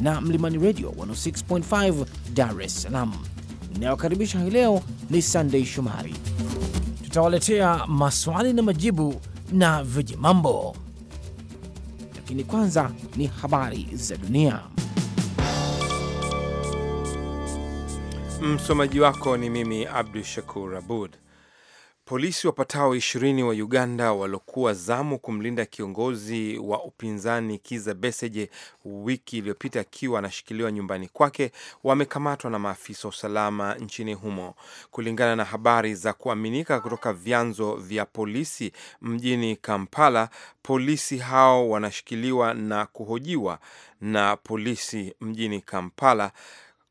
na Mlimani Radio 106.5 Dar es Salaam. Inayokaribisha hii leo ni Sunday Shomari. Tutawaletea maswali na majibu na vijimambo, lakini kwanza ni habari za dunia. Msomaji wako ni mimi Abdu Shakur Abud. Polisi wapatao ishirini wa Uganda waliokuwa zamu kumlinda kiongozi wa upinzani Kiza Beseje wiki iliyopita akiwa anashikiliwa nyumbani kwake wamekamatwa na maafisa wa usalama nchini humo, kulingana na habari za kuaminika kutoka vyanzo vya polisi mjini Kampala. Polisi hao wanashikiliwa na kuhojiwa na polisi mjini Kampala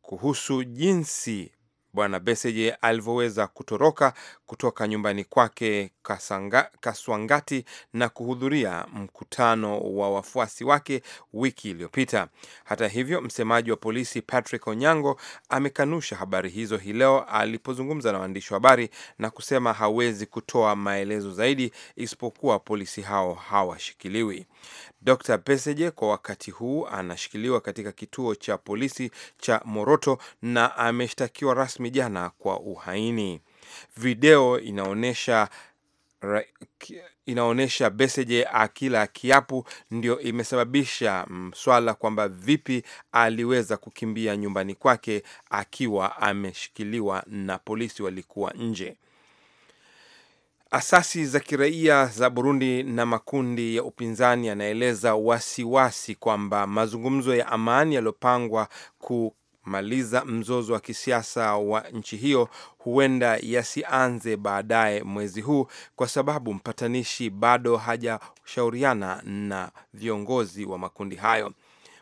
kuhusu jinsi Bwana beseje alivyoweza kutoroka kutoka nyumbani kwake Kasanga, Kaswangati na kuhudhuria mkutano wa wafuasi wake wiki iliyopita. Hata hivyo, msemaji wa polisi Patrick Onyango amekanusha habari hizo hii leo alipozungumza na waandishi wa habari na kusema hawezi kutoa maelezo zaidi isipokuwa polisi hao hawashikiliwi. Dr Peseje kwa wakati huu anashikiliwa katika kituo cha polisi cha Moroto na ameshtakiwa rasmi jana kwa uhaini. Video inaonyesha inaonyesha Beseje akila kiapu ndio imesababisha mswala mm, kwamba vipi aliweza kukimbia nyumbani kwake akiwa ameshikiliwa na polisi walikuwa nje. Asasi za kiraia za Burundi na makundi ya upinzani yanaeleza wasiwasi kwamba mazungumzo ya amani yaliyopangwa kumaliza mzozo wa kisiasa wa nchi hiyo huenda yasianze baadaye mwezi huu kwa sababu mpatanishi bado hajashauriana na viongozi wa makundi hayo.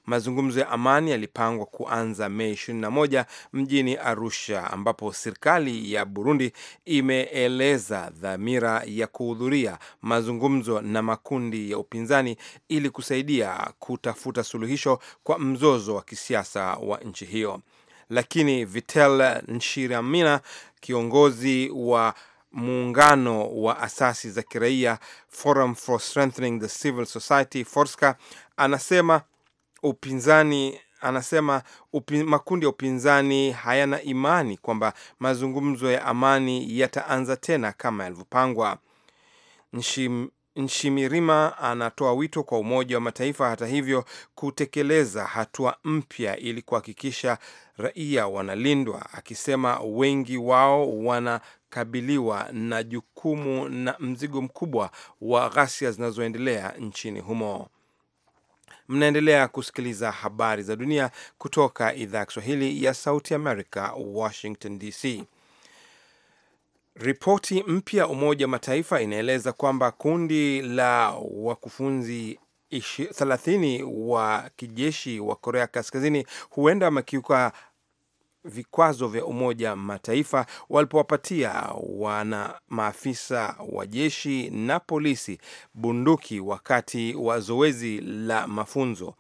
Mazungumzo ya amani yalipangwa kuanza Mei 21 mjini Arusha, ambapo serikali ya Burundi imeeleza dhamira ya kuhudhuria mazungumzo na makundi ya upinzani ili kusaidia kutafuta suluhisho kwa mzozo wa kisiasa wa nchi hiyo. Lakini Vitel Nshiramina, kiongozi wa muungano wa asasi za kiraia Forum for Strengthening the Civil Society, Forska, anasema upinzani anasema upi, makundi ya upinzani hayana imani kwamba mazungumzo ya amani yataanza tena kama yalivyopangwa. Nshim, Nshimirima anatoa wito kwa Umoja wa Mataifa hata hivyo kutekeleza hatua mpya ili kuhakikisha raia wanalindwa, akisema wengi wao wanakabiliwa na jukumu na mzigo mkubwa wa ghasia zinazoendelea nchini humo. Mnaendelea kusikiliza habari za dunia kutoka idhaa ya Kiswahili ya Sauti Amerika, Washington DC. Ripoti mpya Umoja wa Mataifa inaeleza kwamba kundi la wakufunzi 30 wa kijeshi wa Korea Kaskazini huenda wamekiuka vikwazo vya Umoja Mataifa walipowapatia wana maafisa wa jeshi na polisi bunduki wakati wa zoezi la mafunzo.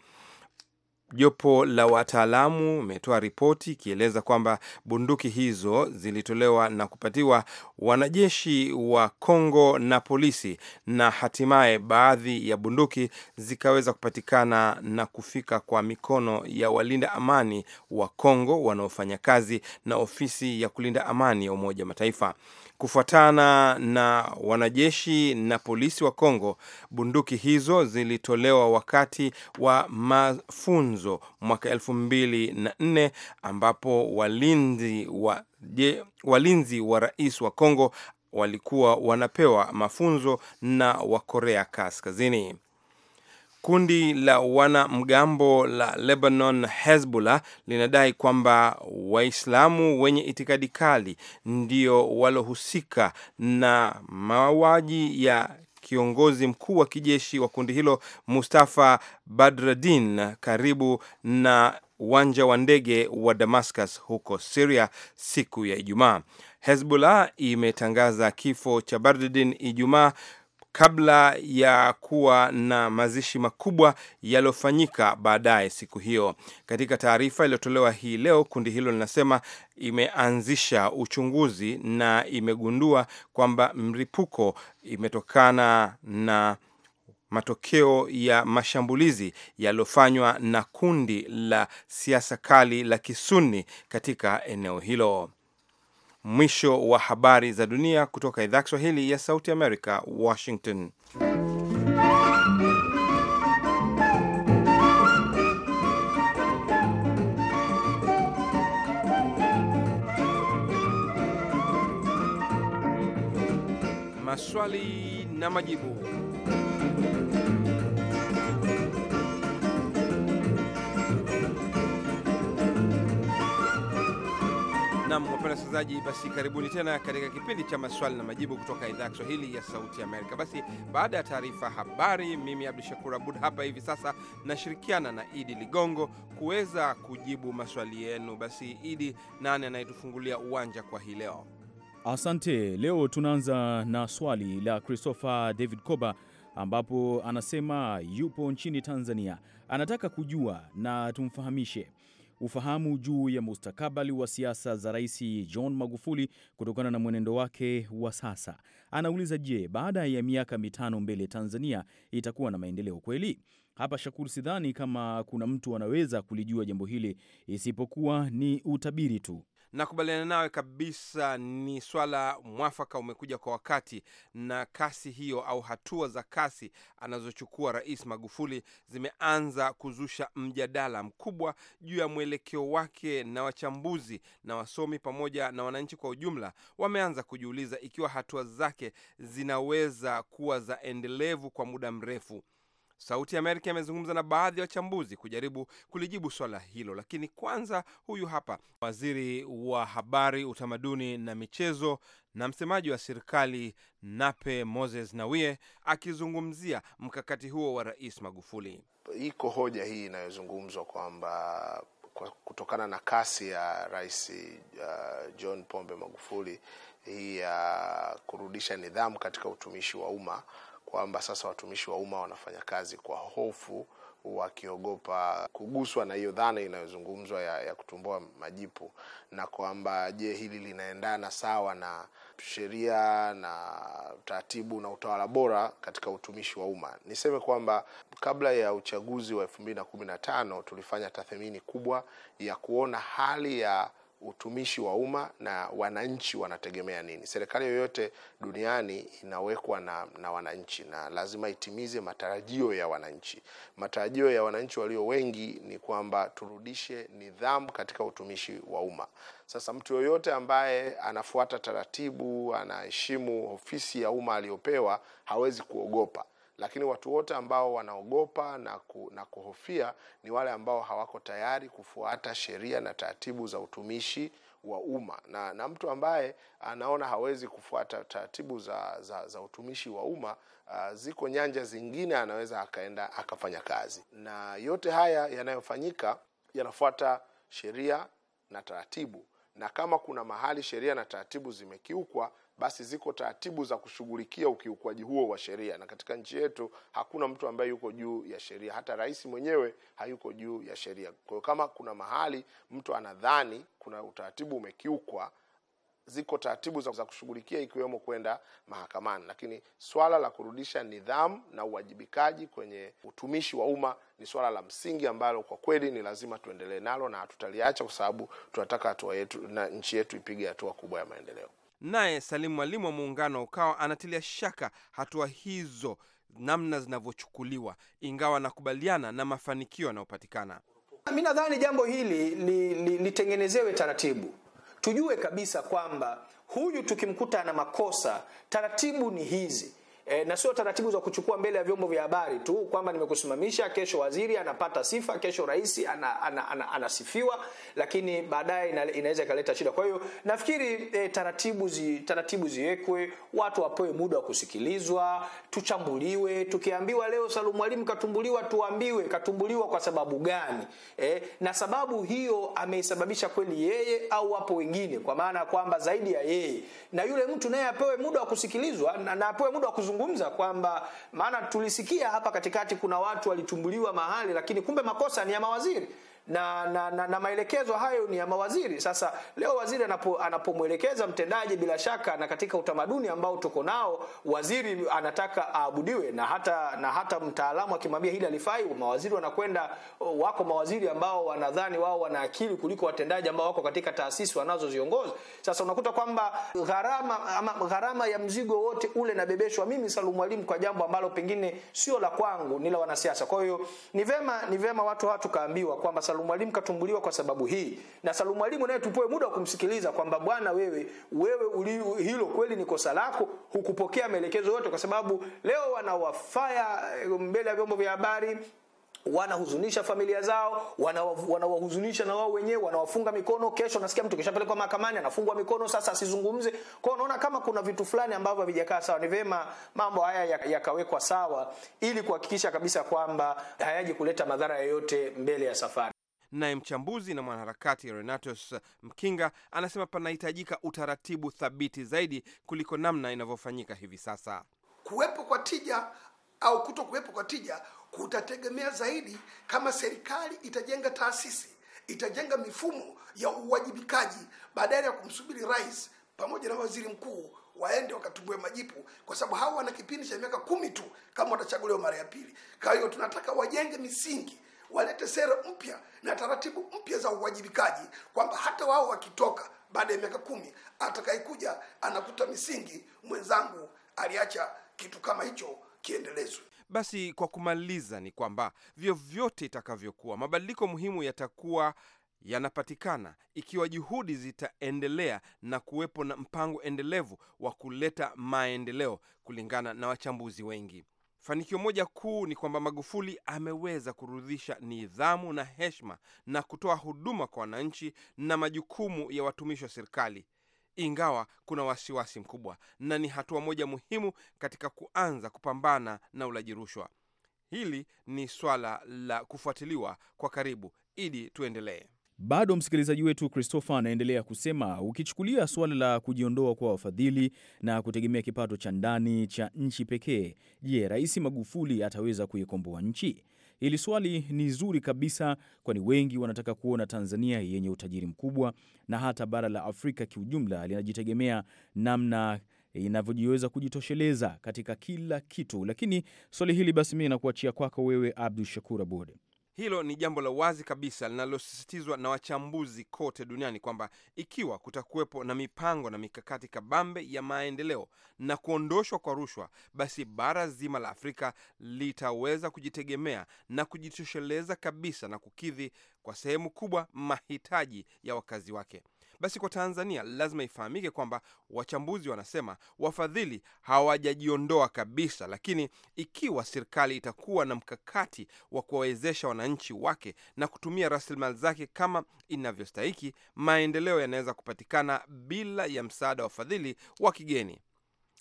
Jopo la wataalamu umetoa ripoti ikieleza kwamba bunduki hizo zilitolewa na kupatiwa wanajeshi wa Kongo na polisi, na hatimaye baadhi ya bunduki zikaweza kupatikana na kufika kwa mikono ya walinda amani wa Kongo wanaofanya kazi na ofisi ya kulinda amani ya Umoja Mataifa. Kufuatana na wanajeshi na polisi wa Kongo, bunduki hizo zilitolewa wakati wa mafunzo mwaka elfu mbili na nne ambapo walinzi wa, je, walinzi wa rais wa Kongo walikuwa wanapewa mafunzo na Wakorea Kaskazini. Kundi la wanamgambo la Lebanon Hezbollah linadai kwamba Waislamu wenye itikadi kali ndio walohusika na mauaji ya kiongozi mkuu wa kijeshi wa kundi hilo Mustafa Badreddin karibu na uwanja wa ndege wa Damascus huko Syria siku ya Ijumaa. Hezbollah imetangaza kifo cha Badreddin Ijumaa kabla ya kuwa na mazishi makubwa yaliyofanyika baadaye siku hiyo. Katika taarifa iliyotolewa hii leo, kundi hilo linasema imeanzisha uchunguzi na imegundua kwamba mlipuko imetokana na matokeo ya mashambulizi yaliyofanywa na kundi la siasa kali la Kisuni katika eneo hilo. Mwisho wa habari za dunia kutoka idhaa Kiswahili ya Sauti Amerika, Washington. Maswali na majibu. Nam, wapenda wasikilizaji, basi karibuni tena katika kipindi cha maswali na majibu kutoka idhaa ya Kiswahili ya Sauti Amerika. Basi baada ya taarifa habari, mimi Abdu Shakur Abud hapa hivi sasa nashirikiana na Idi Ligongo kuweza kujibu maswali yenu. Basi Idi, nane anayetufungulia uwanja kwa hii leo? Asante. Leo tunaanza na swali la Christopher David Koba ambapo anasema yupo nchini Tanzania, anataka kujua na tumfahamishe ufahamu juu ya mustakabali wa siasa za Rais John Magufuli kutokana na mwenendo wake wa sasa. Anauliza, je, baada ya miaka mitano mbele Tanzania itakuwa na maendeleo kweli? Hapa Shakur, sidhani kama kuna mtu anaweza kulijua jambo hili isipokuwa ni utabiri tu. Nakubaliana nawe kabisa, ni swala mwafaka, umekuja kwa wakati, na kasi hiyo au hatua za kasi anazochukua Rais Magufuli zimeanza kuzusha mjadala mkubwa juu ya mwelekeo wake, na wachambuzi na wasomi pamoja na wananchi kwa ujumla wameanza kujiuliza ikiwa hatua zake zinaweza kuwa za endelevu kwa muda mrefu. Sauti ya Amerika imezungumza na baadhi ya wa wachambuzi kujaribu kulijibu swala hilo, lakini kwanza, huyu hapa waziri wa habari, utamaduni na michezo na msemaji wa serikali Nape Moses nawie akizungumzia mkakati huo wa Rais Magufuli. Iko hoja hii inayozungumzwa kwamba kutokana na kasi ya Rais uh, John Pombe Magufuli hii ya uh, kurudisha nidhamu katika utumishi wa umma kwamba sasa watumishi wa umma wanafanya kazi kwa hofu, wakiogopa kuguswa na hiyo dhana inayozungumzwa ya, ya kutumbua majipu, na kwamba je, hili linaendana sawa na sheria na taratibu na utawala bora katika utumishi wa umma. Niseme kwamba kabla ya uchaguzi wa elfu mbili na kumi na tano tulifanya tathmini kubwa ya kuona hali ya utumishi wa umma na wananchi wanategemea nini. Serikali yoyote duniani inawekwa na, na wananchi na lazima itimize matarajio ya wananchi. Matarajio ya wananchi walio wengi ni kwamba turudishe nidhamu katika utumishi wa umma. Sasa mtu yoyote ambaye anafuata taratibu, anaheshimu ofisi ya umma aliyopewa hawezi kuogopa lakini watu wote ambao wanaogopa na, ku, na kuhofia ni wale ambao hawako tayari kufuata sheria na taratibu za utumishi wa umma na, na mtu ambaye anaona hawezi kufuata taratibu za, za, za utumishi wa umma uh, ziko nyanja zingine anaweza akaenda akafanya kazi, na yote haya yanayofanyika yanafuata sheria na taratibu, na kama kuna mahali sheria na taratibu zimekiukwa basi ziko taratibu za kushughulikia ukiukwaji huo wa sheria, na katika nchi yetu hakuna mtu ambaye yuko juu ya sheria, hata rais mwenyewe hayuko juu ya sheria. Kwa hiyo kama kuna mahali mtu anadhani kuna utaratibu umekiukwa, ziko taratibu za kushughulikia ikiwemo kwenda mahakamani. Lakini swala la kurudisha nidhamu na uwajibikaji kwenye utumishi wa umma ni swala la msingi ambalo kwa kweli ni lazima tuendelee nalo na hatutaliacha, kwa sababu tunataka hatua yetu na nchi yetu ipige hatua kubwa ya maendeleo. Naye Salim Mwalimu wa Muungano ukawa anatilia shaka hatua hizo namna zinavyochukuliwa, ingawa anakubaliana na mafanikio yanayopatikana. Mi nadhani jambo hili litengenezewe li, li, taratibu tujue kabisa kwamba huyu tukimkuta ana makosa, taratibu ni hizi e, na sio taratibu za kuchukua mbele ya vyombo vya habari tu kwamba nimekusimamisha, kesho waziri anapata sifa, kesho rais ana, ana, ana, anasifiwa, lakini baadaye ina, inaweza ikaleta shida. Kwa hiyo nafikiri e, taratibu zi, taratibu ziwekwe, watu wapewe muda wa kusikilizwa, tuchambuliwe. Tukiambiwa leo Salum Mwalimu katumbuliwa, tuambiwe katumbuliwa kwa sababu gani e, na sababu hiyo ameisababisha kweli yeye au wapo wengine, kwa maana kwamba zaidi ya yeye, na yule mtu naye apewe muda wa kusikilizwa na, na apewe muda wa kuzungumza tunazungumza kwamba maana tulisikia hapa katikati kuna watu walitumbuliwa mahali, lakini kumbe makosa ni ya mawaziri na, na, na, na maelekezo hayo ni ya mawaziri. Sasa leo waziri anapo, anapomwelekeza mtendaji, bila shaka na katika utamaduni ambao tuko nao, waziri anataka aabudiwe, na hata na hata mtaalamu akimwambia hili alifai, mawaziri wanakwenda. Wako mawaziri ambao wanadhani wao wana akili kuliko watendaji ambao wako katika taasisi wanazoziongoza. Sasa unakuta kwamba gharama ama gharama ya mzigo wote ule nabebeshwa mimi Salum Mwalimu kwa jambo ambalo pengine sio la kwangu, ni la wanasiasa. Kwa hiyo ni vema ni vema watu hawa tukaambiwa kwamba Salum Mwalimu katumbuliwa kwa sababu hii, na Salum Mwalimu naye tupoe muda wa kumsikiliza kwamba bwana, wewe wewe uli, hilo kweli ni kosa lako, hukupokea maelekezo yote, kwa sababu leo wanawafaya eh, mbele ya vyombo vya habari wanahuzunisha familia zao, wanawahuzunisha wana na wao wenyewe, wanawafunga mikono. Kesho nasikia mtu kishapelekwa mahakamani anafungwa mikono, sasa asizungumze kwao. Unaona kama kuna vitu fulani ambavyo havijakaa sawa. Ni vema mambo haya yakawekwa ya sawa, ili kuhakikisha kabisa kwamba hayaji kuleta madhara yoyote mbele ya safari. Naye mchambuzi na mwanaharakati Renatus Mkinga anasema panahitajika utaratibu thabiti zaidi kuliko namna inavyofanyika hivi sasa. Kuwepo kwa tija au kuto kuwepo kwa tija kutategemea zaidi kama serikali itajenga taasisi, itajenga mifumo ya uwajibikaji badala ya kumsubiri rais pamoja na waziri mkuu waende wakatumbue majipu, kwa sababu hawa wana kipindi cha miaka kumi tu kama watachaguliwa mara ya pili. Kwa hiyo tunataka wajenge misingi walete sera mpya na taratibu mpya za uwajibikaji, kwamba hata wao wakitoka baada ya miaka kumi, atakayekuja anakuta misingi mwenzangu aliacha kitu kama hicho kiendelezwe. Basi kwa kumaliza, ni kwamba vyovyote itakavyokuwa, mabadiliko muhimu yatakuwa yanapatikana ikiwa juhudi zitaendelea na kuwepo na mpango endelevu wa kuleta maendeleo, kulingana na wachambuzi wengi. Fanikio moja kuu ni kwamba Magufuli ameweza kurudisha nidhamu na heshima na kutoa huduma kwa wananchi na majukumu ya watumishi wa serikali, ingawa kuna wasiwasi mkubwa, na ni hatua moja muhimu katika kuanza kupambana na ulaji rushwa. Hili ni swala la kufuatiliwa kwa karibu. Idi, tuendelee. Bado msikilizaji wetu Christopher anaendelea kusema, ukichukulia suala la kujiondoa kwa wafadhili na kutegemea kipato cha ndani cha nchi pekee, je, Rais Magufuli ataweza kuikomboa nchi? Hili swali ni zuri kabisa, kwani wengi wanataka kuona Tanzania yenye utajiri mkubwa na hata bara la Afrika kiujumla linajitegemea namna inavyojiweza kujitosheleza katika kila kitu. Lakini swali hili basi mimi nakuachia kwako wewe, Abdu Shakur Abud. Hilo ni jambo la wazi kabisa linalosisitizwa na wachambuzi kote duniani kwamba ikiwa kutakuwepo na mipango na mikakati kabambe ya maendeleo na kuondoshwa kwa rushwa, basi bara zima la Afrika litaweza kujitegemea na kujitosheleza kabisa na kukidhi kwa sehemu kubwa mahitaji ya wakazi wake. Basi kwa Tanzania lazima ifahamike kwamba wachambuzi wanasema wafadhili hawajajiondoa kabisa, lakini ikiwa serikali itakuwa na mkakati wa kuwawezesha wananchi wake na kutumia rasilimali zake kama inavyostahiki, maendeleo yanaweza kupatikana bila ya msaada wa wafadhili wa kigeni.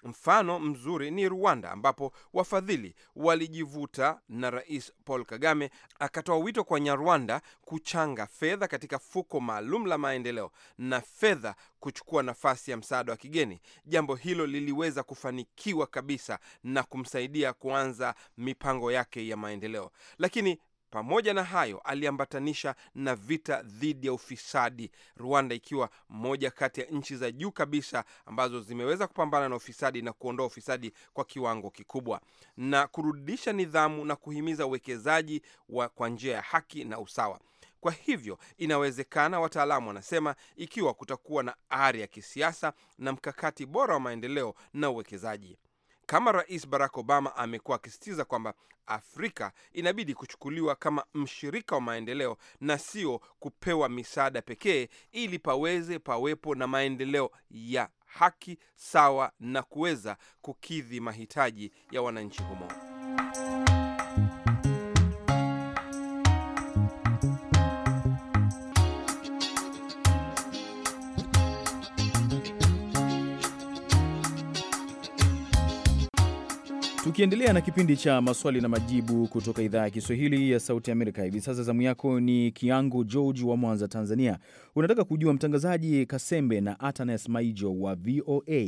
Mfano mzuri ni Rwanda, ambapo wafadhili walijivuta na Rais Paul Kagame akatoa wito kwa Nyarwanda kuchanga fedha katika fuko maalum la maendeleo na fedha kuchukua nafasi ya msaada wa kigeni. Jambo hilo liliweza kufanikiwa kabisa na kumsaidia kuanza mipango yake ya maendeleo, lakini pamoja na hayo, aliambatanisha na vita dhidi ya ufisadi, Rwanda ikiwa moja kati ya nchi za juu kabisa ambazo zimeweza kupambana na ufisadi na kuondoa ufisadi kwa kiwango kikubwa, na kurudisha nidhamu na kuhimiza uwekezaji kwa njia ya haki na usawa. Kwa hivyo inawezekana, wataalamu wanasema, ikiwa kutakuwa na ari ya kisiasa na mkakati bora wa maendeleo na uwekezaji kama Rais Barack Obama amekuwa akisisitiza kwamba Afrika inabidi kuchukuliwa kama mshirika wa maendeleo na sio kupewa misaada pekee, ili paweze pawepo na maendeleo ya haki sawa na kuweza kukidhi mahitaji ya wananchi humo. Tukiendelea na kipindi cha maswali na majibu kutoka idhaa ya Kiswahili ya Sauti Amerika, hivi sasa zamu yako ni Kiango George wa Mwanza, Tanzania. Unataka kujua mtangazaji Kasembe na Atanas Maijo wa VOA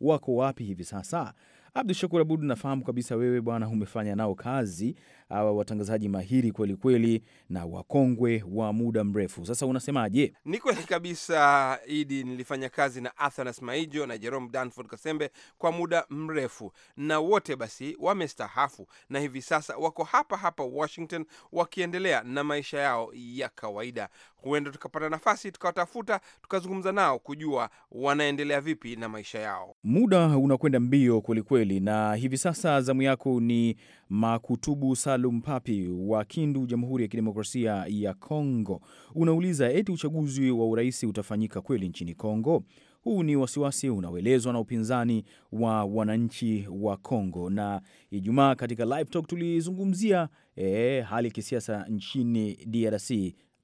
wako wapi hivi sasa? Abdu Shakur Abud, nafahamu kabisa wewe bwana umefanya nao kazi hawa watangazaji mahiri kweli kweli na wakongwe wa muda mrefu. Sasa unasemaje? Ni kweli kabisa Idi, nilifanya kazi na Athanas Maijo na Jerome Danford Kasembe kwa muda mrefu, na wote basi wamestahafu na hivi sasa wako hapa hapa Washington wakiendelea na maisha yao ya kawaida. Huenda tukapata nafasi tukawatafuta tukazungumza nao kujua wanaendelea vipi na maisha yao. Muda unakwenda mbio kwelikweli, na hivi sasa zamu yako ni Makutubu Salum Papi wa Kindu, Jamhuri ya Kidemokrasia ya Kongo, unauliza eti uchaguzi wa urais utafanyika kweli nchini Kongo? Huu ni wasiwasi unaoelezwa na upinzani wa wananchi wa Kongo. Na Ijumaa katika live talk tulizungumzia e, hali ya kisiasa nchini DRC.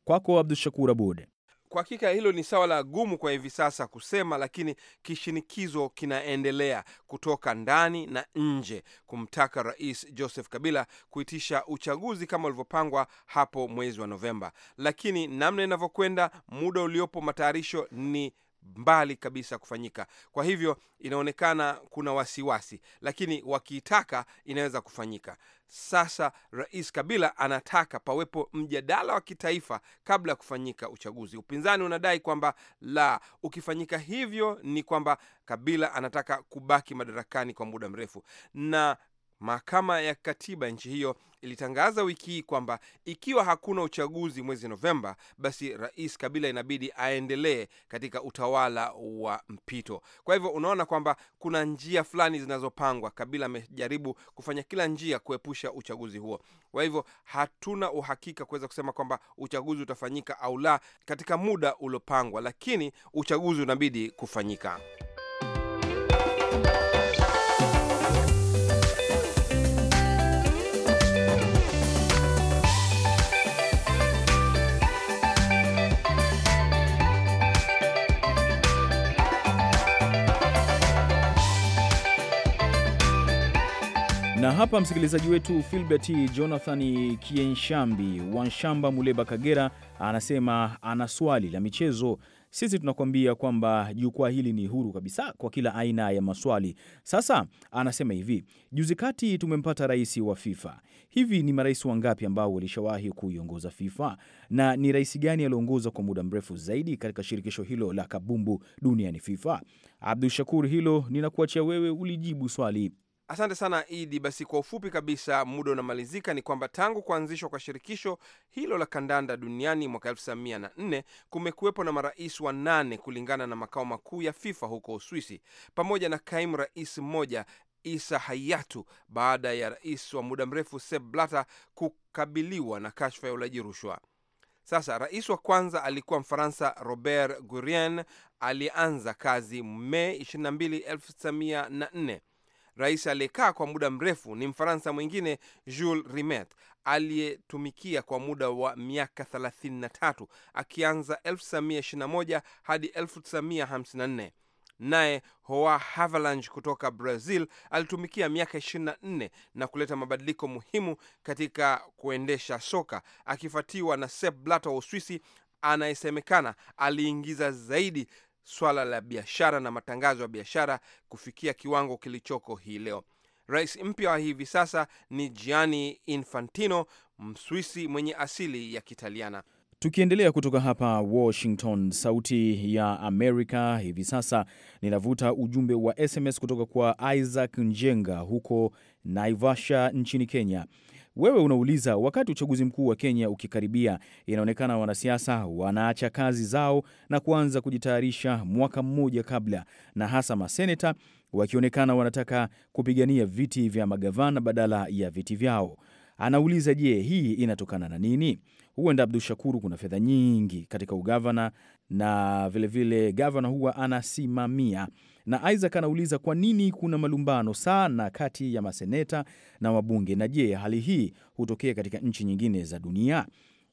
Kwako Abdu Shakur Abud. Kwa hakika hilo ni sawa la gumu kwa hivi sasa kusema, lakini kishinikizo kinaendelea kutoka ndani na nje kumtaka Rais Joseph Kabila kuitisha uchaguzi kama ulivyopangwa hapo mwezi wa Novemba. Lakini namna inavyokwenda, muda uliopo, matayarisho ni mbali kabisa kufanyika. Kwa hivyo inaonekana kuna wasiwasi, lakini wakiitaka inaweza kufanyika. Sasa Rais Kabila anataka pawepo mjadala wa kitaifa kabla ya kufanyika uchaguzi. Upinzani unadai kwamba la, ukifanyika hivyo ni kwamba Kabila anataka kubaki madarakani kwa muda mrefu, na Mahakama ya katiba nchi hiyo ilitangaza wiki hii kwamba ikiwa hakuna uchaguzi mwezi Novemba, basi rais Kabila inabidi aendelee katika utawala wa mpito. Kwa hivyo unaona kwamba kuna njia fulani zinazopangwa. Kabila amejaribu kufanya kila njia kuepusha uchaguzi huo. Kwa hivyo hatuna uhakika kuweza kusema kwamba uchaguzi utafanyika au la katika muda uliopangwa, lakini uchaguzi unabidi kufanyika. Na hapa msikilizaji wetu Filbert Jonathan Kienshambi Wanshamba, Muleba, Kagera, anasema ana swali la michezo. Sisi tunakuambia kwamba jukwaa hili ni huru kabisa kwa kila aina ya maswali. Sasa anasema hivi, juzi kati tumempata rais wa FIFA. Hivi ni marais wangapi ambao walishawahi kuiongoza FIFA na ni rais gani aliongoza kwa muda mrefu zaidi katika shirikisho hilo la kabumbu duniani FIFA? Abdu Shakur, hilo ninakuachia wewe ulijibu swali Asante sana Idi. Basi kwa ufupi kabisa, muda unamalizika, ni kwamba tangu kuanzishwa kwa shirikisho hilo la kandanda duniani mwaka 1904 kumekuwepo na marais wa nane kulingana na makao makuu ya FIFA huko Uswisi, pamoja na kaimu rais mmoja Isa Hayatu, baada ya rais wa muda mrefu Sepp Blatter kukabiliwa na kashfa ya ulaji rushwa. Sasa rais wa kwanza alikuwa Mfaransa Robert Gurien, alianza kazi Mei 22, 1904 Rais aliyekaa kwa muda mrefu ni Mfaransa mwingine Jules Rimet aliyetumikia kwa muda wa miaka 33 akianza 1921 hadi 1954. Naye Hoa Havelange kutoka Brazil alitumikia miaka 24 na kuleta mabadiliko muhimu katika kuendesha soka akifuatiwa na Sepp Blatter wa Uswisi anayesemekana aliingiza zaidi swala la biashara na matangazo ya biashara kufikia kiwango kilichoko hii leo. Rais mpya wa hivi sasa ni Gianni Infantino, Mswisi mwenye asili ya Kitaliana. Tukiendelea kutoka hapa Washington, Sauti ya Amerika, hivi sasa ninavuta ujumbe wa SMS kutoka kwa Isaac Njenga huko Naivasha nchini Kenya. Wewe unauliza wakati uchaguzi mkuu wa Kenya ukikaribia, inaonekana wanasiasa wanaacha kazi zao na kuanza kujitayarisha mwaka mmoja kabla, na hasa maseneta wakionekana wanataka kupigania viti vya magavana badala ya viti vyao. Anauliza, je, hii inatokana na nini? Huenda Abdu Shakuru, kuna fedha nyingi katika ugavana na vilevile gavana huwa anasimamia na Isaac anauliza kwa nini kuna malumbano sana kati ya maseneta na wabunge, na je, hali hii hutokea katika nchi nyingine za dunia?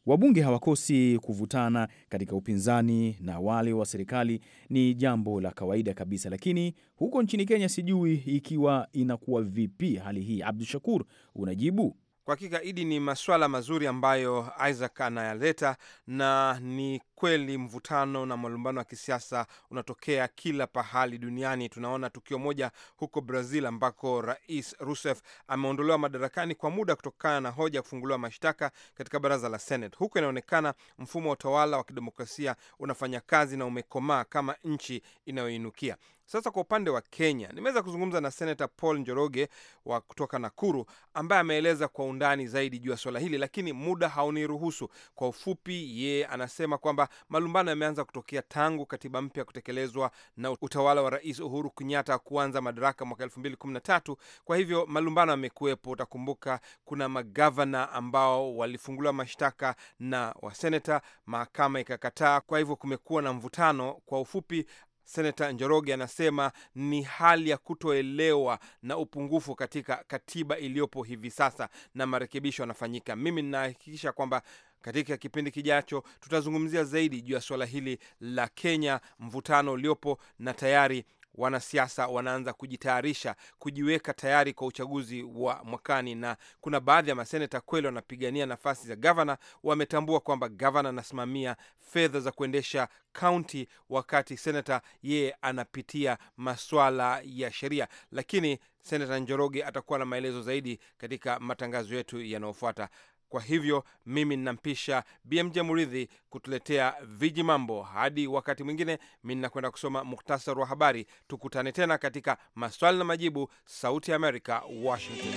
Wabunge hawakosi kuvutana katika upinzani na wale wa serikali, ni jambo la kawaida kabisa, lakini huko nchini Kenya sijui ikiwa inakuwa vipi hali hii. Abdu Shakur, unajibu? Kwa hakika Idi, ni maswala mazuri ambayo Isaac anayaleta na ni kweli mvutano na malumbano ya kisiasa unatokea kila pahali duniani. Tunaona tukio moja huko Brazil ambako Rais Rousseff ameondolewa madarakani kwa muda kutokana na hoja ya kufunguliwa mashtaka katika baraza la Senate. Huko inaonekana mfumo wa utawala wa kidemokrasia unafanya kazi na umekomaa kama nchi inayoinukia. Sasa kwa upande wa Kenya, nimeweza kuzungumza na Senata Paul Njoroge wa kutoka Nakuru, ambaye ameeleza kwa undani zaidi juu ya swala hili, lakini muda hauniruhusu. Kwa ufupi, yeye anasema kwamba malumbano yameanza kutokea tangu katiba mpya kutekelezwa na utawala wa Rais Uhuru Kenyatta kuanza madaraka mwaka elfu mbili kumi na tatu. Kwa hivyo malumbano yamekuwepo. Utakumbuka kuna magavana ambao walifunguliwa mashtaka na waseneta, mahakama ikakataa. Kwa hivyo kumekuwa na mvutano. Kwa ufupi Senata Njoroge anasema ni hali ya kutoelewa na upungufu katika katiba iliyopo hivi sasa, na marekebisho yanafanyika. Mimi ninahakikisha kwamba katika kipindi kijacho, tutazungumzia zaidi juu ya suala hili la Kenya, mvutano uliopo, na tayari wanasiasa wanaanza kujitayarisha kujiweka tayari kwa uchaguzi wa mwakani, na kuna baadhi ya maseneta kweli wanapigania nafasi za gavana. Wametambua kwamba gavana anasimamia fedha za kuendesha kaunti, wakati senata yeye anapitia maswala ya sheria. Lakini senata Njoroge atakuwa na maelezo zaidi katika matangazo yetu yanayofuata. Kwa hivyo mimi ninampisha BMJ Muridhi kutuletea viji mambo. Hadi wakati mwingine, mi ninakwenda kusoma muktasari wa habari. Tukutane tena katika maswali na majibu, Sauti ya Amerika, Washington.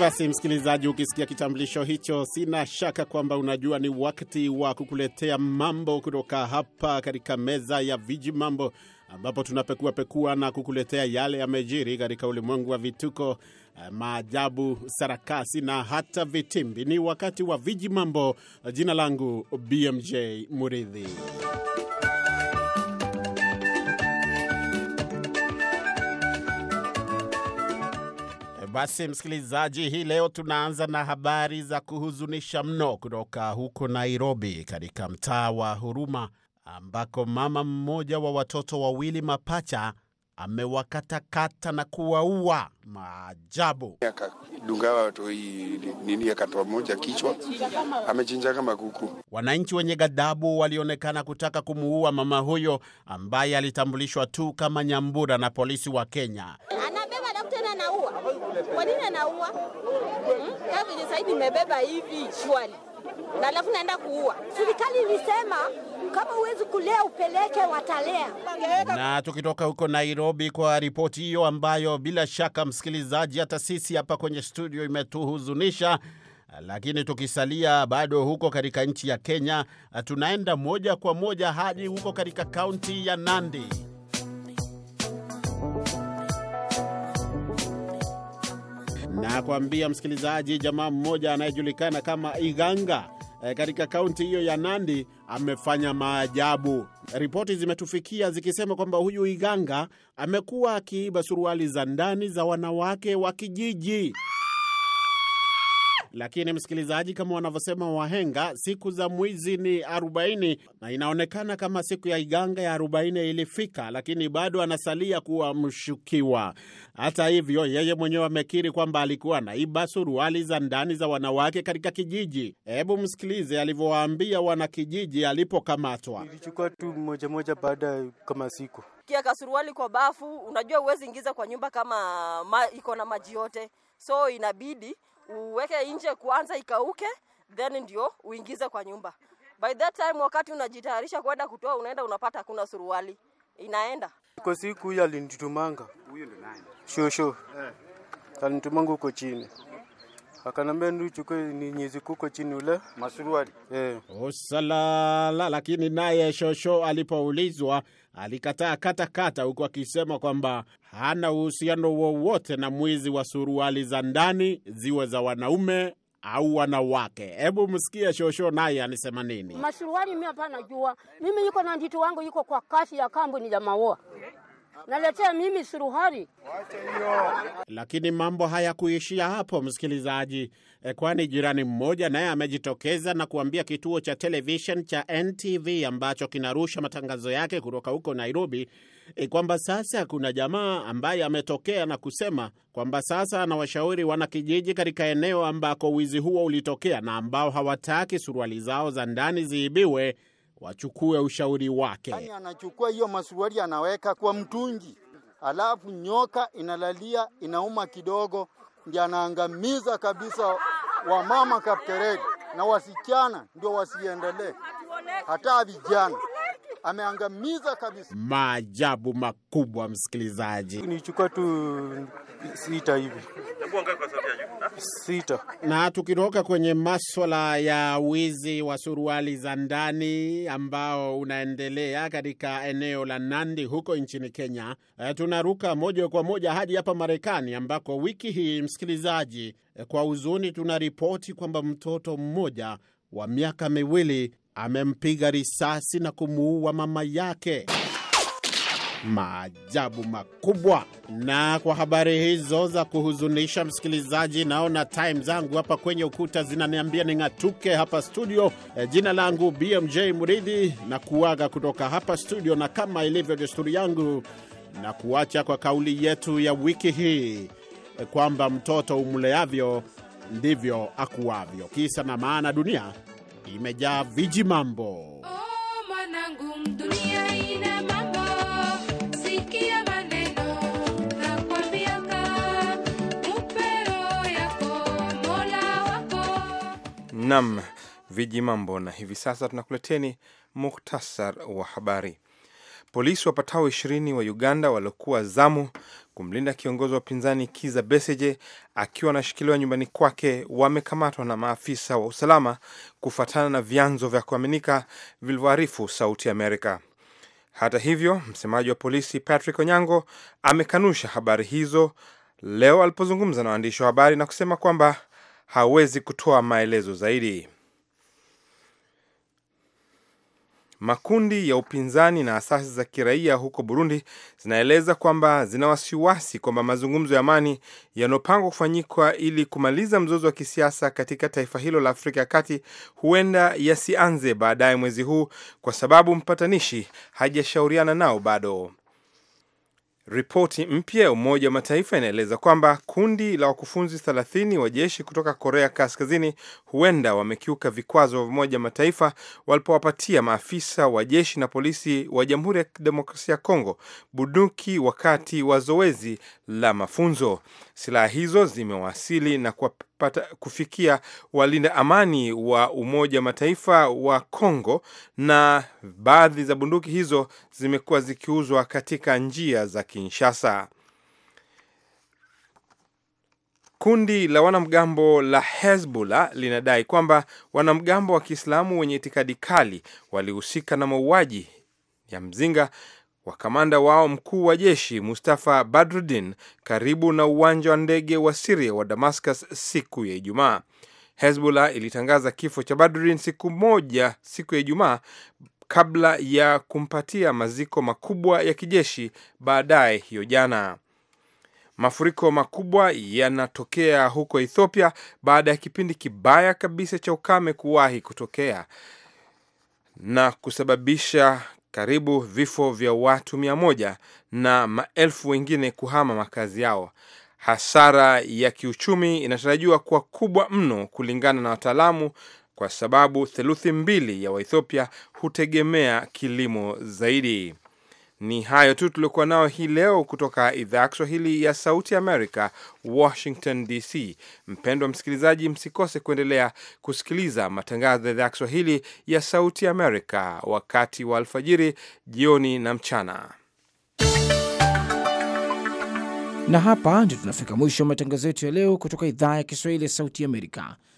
Basi msikilizaji, ukisikia kitambulisho hicho, sina shaka kwamba unajua ni wakati wa kukuletea mambo kutoka hapa katika meza ya viji mambo ambapo tunapekuapekua na kukuletea yale yamejiri katika ulimwengu wa vituko, eh, maajabu, sarakasi na hata vitimbi. Ni wakati wa viji mambo. Jina langu BMJ Muridhi. Eh, basi msikilizaji, hii leo tunaanza na habari za kuhuzunisha mno kutoka huko Nairobi, katika mtaa wa Huruma ambako mama mmoja wa watoto wawili mapacha amewakatakata na kuwaua. Maajabu! Akadungawa watu hii nini, akatoa moja kichwa, amechinja kama kuku. Wananchi wenye ghadhabu walionekana kutaka kumuua mama huyo ambaye alitambulishwa tu kama Nyambura na polisi wa Kenya. Anabeba daktari, anaua. Kwa nini anaua? Hmm? Saidi imebeba hivi shwali na alafu naenda kuua. Serikali ilisema kama huwezi kulea upeleke, watalea. Na tukitoka huko Nairobi kwa ripoti hiyo ambayo bila shaka msikilizaji, hata sisi hapa kwenye studio imetuhuzunisha lakini tukisalia bado huko katika nchi ya Kenya, tunaenda moja kwa moja hadi huko katika kaunti ya Nandi. Na kuambia msikilizaji, jamaa mmoja anayejulikana kama Iganga e, katika kaunti hiyo ya Nandi amefanya maajabu. Ripoti zimetufikia zikisema kwamba huyu Iganga amekuwa akiiba suruali za ndani za wanawake wa kijiji. Lakini msikilizaji, kama wanavyosema wahenga, siku za mwizi ni arobaini, na inaonekana kama siku ya Iganga ya arobaini ilifika, lakini bado anasalia kuwa mshukiwa. Hata hivyo, yeye mwenyewe amekiri kwamba alikuwa anaiba suruali za ndani za wanawake katika kijiji. Hebu msikilize alivyowaambia wanakijiji alipokamatwa. Ilichukua tu moja moja baada kama siku kiaka suruali kwa bafu. Unajua huwezi ingiza kwa nyumba kama ma, iko na maji yote, so inabidi uweke nje kwanza ikauke, then ndio uingize kwa nyumba. By that time wakati unajitayarisha kwenda kutoa, unaenda unapata kuna suruali inaenda kwa siku. Huyu alinitumanga huyo, ndo nani shosho eh, alinitumanga huko chini akanambia ndio chukue ni nyezi kuko chini ule masuruali eh. Usalala. Eh. Lakini naye Shosho alipoulizwa alikataa kata kata, huku akisema kwamba hana uhusiano wowote na mwizi wa suruali za ndani ziwe za wanaume au wanawake. Hebu msikie Shosho naye anisema nini. Masuruali mimi hapana jua, mimi yuko na nditu wangu yuko kwa kasi ya kampuni ya maua naletea mimi suruhari. Lakini mambo hayakuishia hapo, msikilizaji, eh, kwani jirani mmoja naye amejitokeza na kuambia kituo cha televishen cha NTV ambacho kinarusha matangazo yake kutoka huko Nairobi eh, kwamba sasa kuna jamaa ambaye ametokea na kusema kwamba sasa anawashauri wanakijiji katika eneo ambako wizi huo ulitokea na ambao hawataki suruali zao za ndani ziibiwe wachukue ushauri wake. Yani anachukua hiyo masuari anaweka kwa mtungi, alafu nyoka inalalia inauma kidogo, ndio anaangamiza kabisa wamama kapterege na wasichana, ndio wasiendelee hata vijana ameangamiza kabisa. Maajabu makubwa, msikilizaji. Nichukua tu sita hivi sita. Na tukitoka kwenye maswala ya wizi wa suruali za ndani ambao unaendelea katika eneo la Nandi huko nchini Kenya, e, tunaruka moja kwa moja hadi hapa Marekani ambako wiki hii msikilizaji, e, kwa huzuni tunaripoti kwamba mtoto mmoja wa miaka miwili amempiga risasi na kumuua mama yake maajabu makubwa. Na kwa habari hizo za kuhuzunisha, msikilizaji, naona time zangu hapa kwenye ukuta zinaniambia ning'atuke hapa studio. E, jina langu BMJ Muridhi na kuaga kutoka hapa studio, na kama ilivyo desturi yangu na kuacha kwa kauli yetu ya wiki hii e, kwamba mtoto umleavyo ndivyo akuavyo. Kisa na maana, dunia imejaa viji mambo. Oh, mwanangu dunia Nam viji mambo. Na hivi sasa tunakuleteni muktasar wa habari. Polisi wapatao ishirini wa Uganda waliokuwa zamu kumlinda kiongozi wa upinzani Kiza Besigye akiwa anashikiliwa nyumbani kwake wamekamatwa na maafisa wa usalama, kufuatana na vyanzo vya kuaminika vilivyoarifu Sauti Amerika. Hata hivyo, msemaji wa polisi Patrick Onyango amekanusha habari hizo leo alipozungumza na waandishi wa habari na kusema kwamba hawezi kutoa maelezo zaidi. Makundi ya upinzani na asasi za kiraia huko Burundi zinaeleza kwamba zina wasiwasi kwamba mazungumzo ya amani yanayopangwa kufanyikwa ili kumaliza mzozo wa kisiasa katika taifa hilo la Afrika ya Kati huenda yasianze baadaye mwezi huu kwa sababu mpatanishi hajashauriana nao bado. Ripoti mpya ya Umoja wa Mataifa inaeleza kwamba kundi la wakufunzi 30 wa jeshi kutoka Korea Kaskazini huenda wamekiuka vikwazo vya Umoja wa Mataifa walipowapatia maafisa wa jeshi na polisi wa Jamhuri ya Kidemokrasia ya Kongo bunduki wakati wa zoezi la mafunzo. Silaha hizo zimewasili na pata kufikia walinda amani wa Umoja Mataifa wa Kongo, na baadhi za bunduki hizo zimekuwa zikiuzwa katika njia za Kinshasa. Kundi la wanamgambo la Hezbollah linadai kwamba wanamgambo wa Kiislamu wenye itikadi kali walihusika na mauaji ya mzinga wa kamanda wao mkuu wa jeshi Mustafa Badruddin karibu na uwanja wa ndege wa Siria wa Damascus siku ya Ijumaa. Hezbollah ilitangaza kifo cha Badruddin siku moja siku ya Ijumaa kabla ya kumpatia maziko makubwa ya kijeshi baadaye hiyo jana. Mafuriko makubwa yanatokea huko Ethiopia baada ya kipindi kibaya kabisa cha ukame kuwahi kutokea na kusababisha karibu vifo vya watu mia moja na maelfu wengine kuhama makazi yao. Hasara ya kiuchumi inatarajiwa kuwa kubwa mno kulingana na wataalamu, kwa sababu theluthi mbili ya Waethiopia hutegemea kilimo zaidi. Ni hayo tu tuliokuwa nao hii leo kutoka idhaa ya Kiswahili ya Sauti Amerika, Washington DC. Mpendwa msikilizaji, msikose kuendelea kusikiliza matangazo ya idhaa ya Kiswahili ya Sauti Amerika wakati wa alfajiri, jioni na mchana. Na hapa ndio tunafika mwisho wa matangazo yetu ya leo kutoka idhaa ya Kiswahili ya Sauti Amerika.